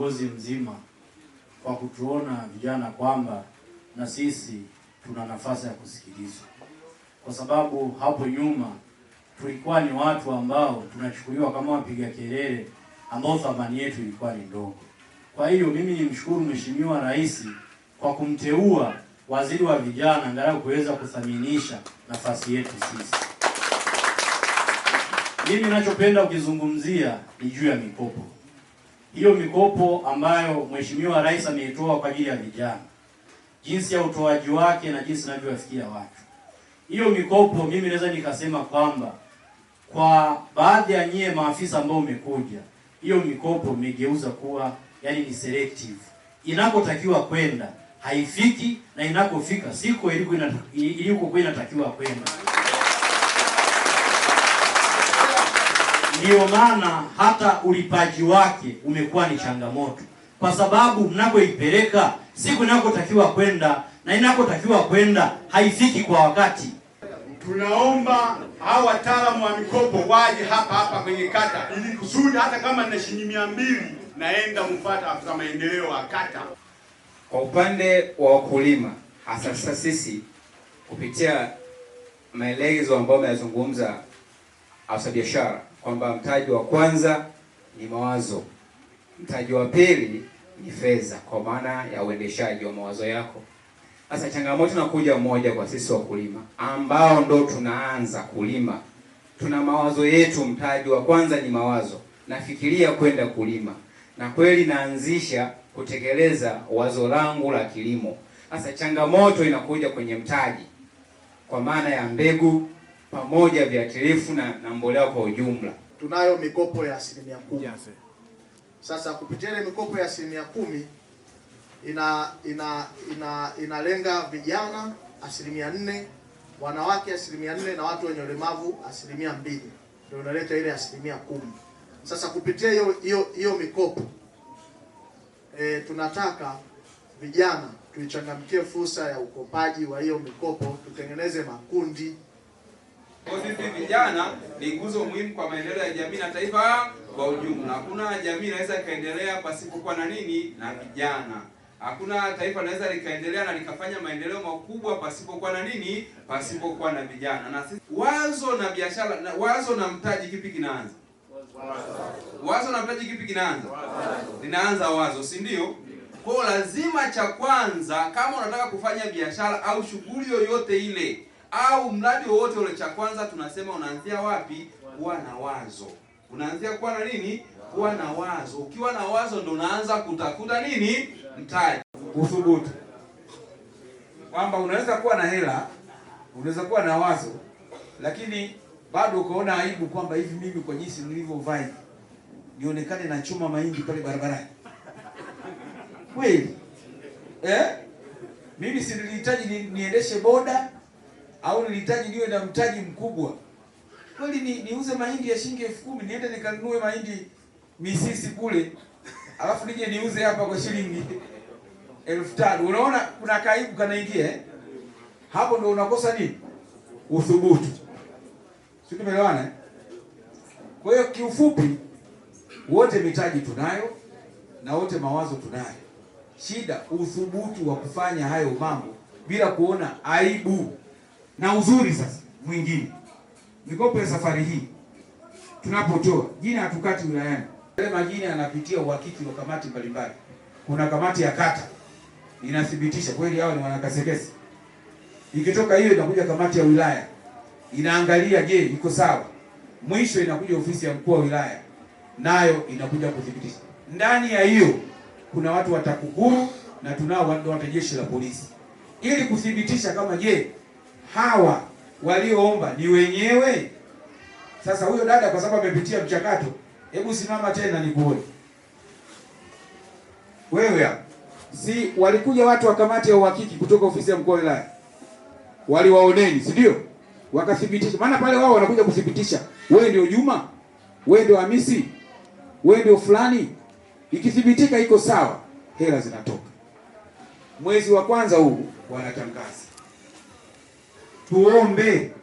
Uongozi mzima kwa kutuona vijana kwamba na sisi tuna nafasi ya kusikilizwa, kwa sababu hapo nyuma tulikuwa ni watu ambao tunachukuliwa kama wapiga kelele ambao thamani yetu ilikuwa ni ndogo. Kwa hiyo mimi nimshukuru Mheshimiwa Rais kwa kumteua waziri wa vijana angalau kuweza kuthaminisha nafasi yetu sisi. Mimi ninachopenda ukizungumzia ni juu ya mikopo hiyo mikopo ambayo Mheshimiwa Rais ameitoa kwa ajili ya vijana, jinsi ya utoaji wake na jinsi inavyowafikia watu, hiyo mikopo mimi naweza nikasema kwamba kwa baadhi ya nyie maafisa ambao umekuja, hiyo mikopo imegeuza kuwa yani ni selective, inapotakiwa kwenda haifiki na inakofika siko ilikokuwa inatakiwa kwenda. Ndiyo maana hata ulipaji wake umekuwa ni changamoto, kwa sababu mnapoipeleka siku inakotakiwa kwenda na inakotakiwa kwenda haifiki kwa wakati. Tunaomba hao wataalamu wa mikopo waje hapa hapa kwenye kata, ili kusudi hata kama na shilingi mia mbili naenda mfata afisa maendeleo wa kata. Kwa upande wa wakulima, hasa sasa sisi kupitia maelezo ambayo ameyazungumza afisa biashara kwamba mtaji wa kwanza ni mawazo, mtaji wa pili ni fedha, kwa maana ya uendeshaji wa mawazo yako. Sasa changamoto inakuja moja kwa sisi wakulima ambao ndo tunaanza kulima, tuna mawazo yetu. Mtaji wa kwanza ni mawazo, nafikiria kwenda kulima na kweli naanzisha kutekeleza wazo langu la kilimo. Sasa changamoto inakuja kwenye mtaji, kwa maana ya mbegu pamoja viatilifu na, na mbolea kwa ujumla. Tunayo mikopo ya asilimia kumi. Sasa kupitia ile mikopo ya asilimia kumi ina ina ina inalenga vijana asilimia nne, wanawake asilimia nne na watu wenye ulemavu asilimia mbili, ndio inaleta ile asilimia kumi. Sasa kupitia hiyo hiyo hiyo mikopo e, tunataka vijana tuichangamkie fursa ya ukopaji wa hiyo mikopo, tutengeneze makundi kwa sisi vijana ni nguzo muhimu kwa maendeleo ya jamii na taifa kwa ujumla. Hakuna jamii inaweza ikaendelea pasipokuwa na nini? Na vijana. Hakuna taifa linaweza likaendelea na likafanya maendeleo makubwa pasipokuwa na nini? Pasipokuwa na vijana. Na sisi wazo na biashara na wazo na mtaji, kipi kinaanza? Wazo na mtaji, kipi kinaanza? Linaanza wazo, si ndio? Kwa lazima cha kwanza, kama unataka kufanya biashara au shughuli yoyote ile au mradi wowote ule, cha kwanza tunasema unaanzia wapi? Kuwa na wazo. Unaanzia kuwa na nini? Kuwa na wazo. Ukiwa na wazo ndo unaanza kutafuta nini? Mtaji, uthubutu, kwamba unaweza kuwa na hela, unaweza kuwa na wazo, lakini bado ukaona aibu kwamba hivi mimi kwa jinsi nilivyovaa nionekane na chuma mahindi pale barabarani kweli eh? Mimi si nilihitaji niendeshe boda au nilihitaji niwe na mtaji mkubwa kweli, ni niuze mahindi ya shilingi elfu kumi niende nikanunue mahindi misisi kule, alafu nije niuze hapa kwa shilingi elfu tano. Unaona kuna kaibu kanaingia eh? Hapo ndo unakosa nini? Uthubutu. Si tumeelewana eh? Kwa hiyo kiufupi, wote mitaji tunayo na wote mawazo tunayo, shida uthubutu wa kufanya hayo mambo bila kuona aibu. Na uzuri sasa mwingine, mikopo ya safari hii tunapotoa jina hatukati wilayani, yale majina yanapitia uhakiki wa kamati mbalimbali. Kuna kamati ya kata inathibitisha kweli hao ni wanakasekesi, ikitoka hiyo inakuja kamati ya wilaya inaangalia, je, iko sawa. Mwisho inakuja ofisi ya mkuu wa wilaya, nayo inakuja kuthibitisha. Ndani ya hiyo kuna watu watakukuru na tunao watu wa jeshi la polisi ili kuthibitisha kama je hawa walioomba ni wenyewe? Sasa huyo dada kwa sababu amepitia mchakato, hebu simama tena nikuone wewe. Si walikuja watu wa kamati ya uhakiki kutoka ofisi ya mkuu wa wilaya, waliwaoneni, si ndio? Wakathibitisha, maana pale wao wanakuja kuthibitisha, wewe ndio Juma, wewe ndio Hamisi, wewe ndio fulani. Ikithibitika iko sawa, hela zinatoka. Mwezi wa kwanza huu wanatangaza tuombe